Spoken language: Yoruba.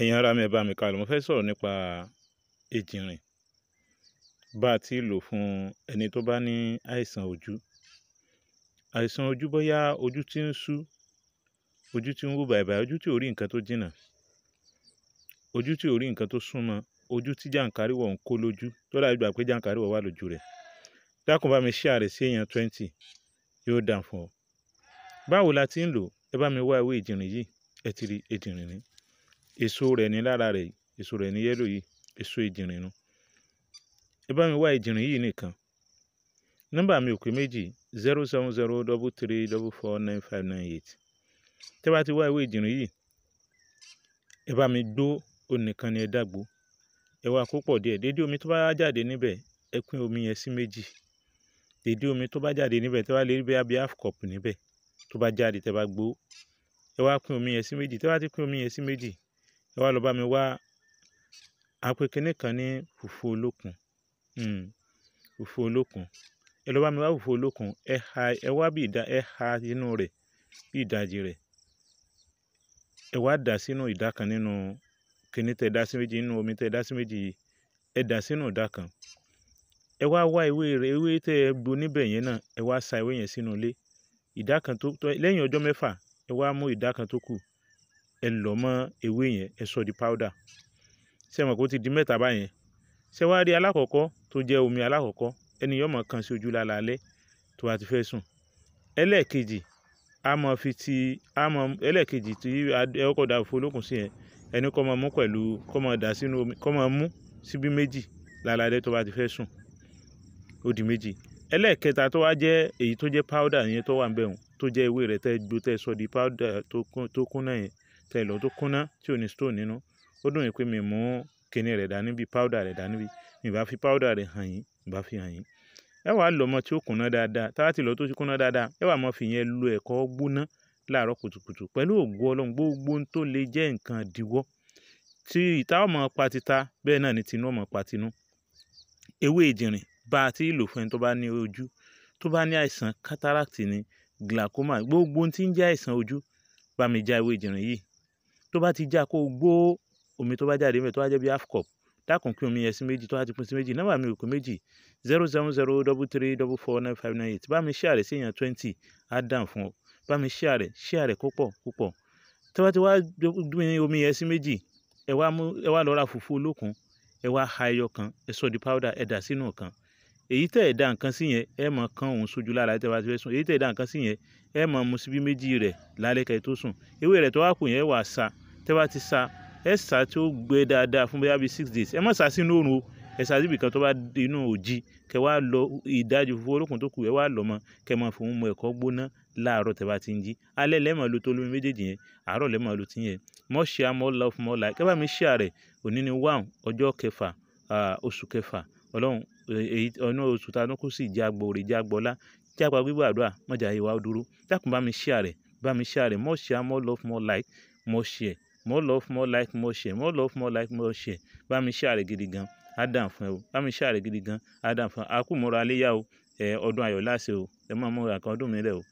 ẹ̀yin ara mi ẹ̀ bá mi kalọ̀ mo fẹ́ sọ̀rọ̀ nípa ejìnrìn bá a ti lò fún ẹni tó bá ní àìsàn ojú àìsàn ojú bóyá ojú tí ń sú ojú tí ń wú bàìbàì ojú tí ò rí nǹkan tó jìnnà ojú tí ò rí nǹkan tó súnmọ́ ojú tí jàǹkáríwọ̀ ń kó lójú tó dàbí gbà pé jàǹkáríwọ̀ wà lójú rẹ̀ dákun bá mi share rẹ̀ sí èèyàn twenty yóò dàn fún ọ báwo la ti ń lò ẹ bá mi wá ewé ìjìnrìn yìí ẹ ti rí ejìnrìn ní èso rẹ̀ ní lára rẹ̀ èso rẹ̀ ní yẹ́lò yìí èso ìjìnrìn nu ẹ bá mi wá ìjìnrìn yìí nìkan nọ́mbà mi ò pé méjì zero seven zero double three double four nine five nine eight tẹ́ bá ti wá ìwé ìjìnrìn yìí ẹ bá mi gbó onìkan ni ẹ dàgbò ẹ wá kó pọ̀ díẹ̀ déédéé omi tó bá jáde níbẹ̀ ẹ pín omi yẹn sí méjì déédéé omi tó bá jáde níbẹ̀ tẹ́ bá lè rí bẹ́ẹ̀ bí half cup níbẹ̀ tó bá jáde tẹ́ bá gbó ẹ wá pín omi yẹn sí méjì tẹ́ bá ti pín omi yẹn sí méjì ẹ wá lọ bá mi wá àpè kinní kan ní fùfú olókun hmm, fùfú olókun ẹ lọ bá mi wá fùfú olókun ẹ ha ẹ wá bí ìdá ẹ ha inú rẹ̀ bí ìdajì rẹ̀ ẹ wá dà sínú ìdá kan nínú kinní tẹ dá sí méjì nínú omi tẹ dá sí méjì yìí ẹ dà sínú ìdá kan ẹ wá wá ewé rẹ ewé tẹ ẹ bu níbẹ̀ yẹn náà ẹ wá sa ewé yẹn sínú ilé ìdá kan tó lẹ́yìn ọjọ́ mẹ́fà ẹ wá mú ìdá kan tó kù ẹ lọ̀ mọ́ ewé yẹn ẹ sọ di powder ṣé mọ̀ kó ti di mẹ́ta báyẹn ṣé wá rí alákọ̀ọ́kọ́ tó jẹ́ omi alákọ̀ọ́kọ́ ẹni yóò máa kan sí ojú lálaalẹ́ tó bá ti fẹ́ sùn ẹlẹ́ẹ̀kejì a máa fi ti a máa ẹlẹ́ẹ̀kejì tí ẹ kọ́ da òfo olókùn sí yẹn ẹni kọ́ máa mú pẹ̀lú kọ́ máa dà sínú omi kọ́ máa mú síbí méjì lálaalẹ́ tó bá ti fẹ́ sùn ó méjì ẹlẹ́ẹ̀kẹta tó wá jẹ́ èyí tó jẹ́ powder yẹn tó wà ń bẹ̀rùn tó jẹ́ ewé rẹ̀ tẹ́ gbó tẹ́ sọ di powder tó kún náà yẹn tẹ́ lọ tó kúnná tí ò ní stone nínú ó dùn yín pé mi mú kinní rẹ̀ dání bíi powder rẹ̀ dání bíi mi bá fi powder rẹ̀ hàn yín mi bá fi hàn yín ẹ wàá lọ ọmọ tí ó kúnná dáadáa tá a ti lọ tó ti kúnná dáadáa ẹ wàá mọ fi yẹn lo ẹ̀kọ́ gbóná láàárọ̀ kùtùkùtù pẹ̀lú ògo ọlọ́run gbogbo tó lè jẹ́ nǹkan ìdíwọ́ tí ìta ọmọ patita bẹ́ẹ̀ náà ni tinú ọmọ patinú ewé ìjìnrìn bá a ti lò fún ẹni tó bá ní ojú tó bá ní àìsàn cataract ni glaucoma gbogbo ohun ń jẹ́ àìsàn ojú bá mi já ewé ìjìnrìn yìí tó bá ti já kó o gbó omi tó bá jáde mẹ́ẹ̀ tó bá jẹ́ bí half cup dákun pín omi yẹn sí méjì tó bá ti pín sí méjì nọ́mbà mi ò méjì zero seven zero double three double four nine five nine eight bá mi share rẹ̀ sí èèyàn twenty á dàn fún ọ bá mi share rẹ̀ share rẹ̀ púpọ̀ púpọ̀ tó bá ti wá gbin omi yẹn sí méjì ẹ wá mú ẹ wá lọ ra fùfú olókun ẹ wá ha ẹyọ kan ẹ sọ di powder ẹ dà sínú kan èyí tẹ̀ ẹ̀ dá nǹkan sí yẹn ẹ máa kán òun sójú lára tẹ́ bá ti fẹ́ sùn èyí tẹ̀ ẹ̀ dá nǹkan sí yẹn ẹ máa mu síbí méjì rẹ̀ lálẹ́ kẹ́ tó sùn ewé rẹ̀ tó wá kù yẹn wà sa tẹ́ bá ti sa ẹ sá tí ó gbẹ dáadáa fún bóyá bíi six days ẹ má sá sínú òrùn o ẹ sá síbi kan tó bá inú òjì kẹ wá lọ ìdajì fún olókùn tó kù ẹ wá lọ mọ kẹ máa fòun mọ ẹ̀kọ gbóná láàárọ̀ tẹ́ bá ti ń jí alẹ́ lẹ́mọ̀ ló tó lómi méjèèjì yẹn àárọ̀ lẹ́mọ̀ ló ti yẹn more share more love more like kẹ́ bá mi share rẹ̀ òní ni one ọjọ́ kẹfà oṣù kẹfà ọlọ́run èyí ọ̀nà oṣù tanu kó sì jágbó rè jágbọ́lá jágba gbígbà àdúrà mọ̀jà ìwà dúró dákun bá mi share rẹ̀ bá mi share rẹ̀ more share more love more like more share Mo love more like Moshe. Mo love more like Moshe. Bá mi share rẹ̀ gidi gan. adam dàn fún ẹ o. Bá mi share rẹ̀ gidi gan. adam dàn fún ẹ. A kú ìmúra iléyá o. Ẹ̀ ọdún ayọ̀ láṣẹ o. Ẹ máa múra nǹkan ọdún mi rẹ o.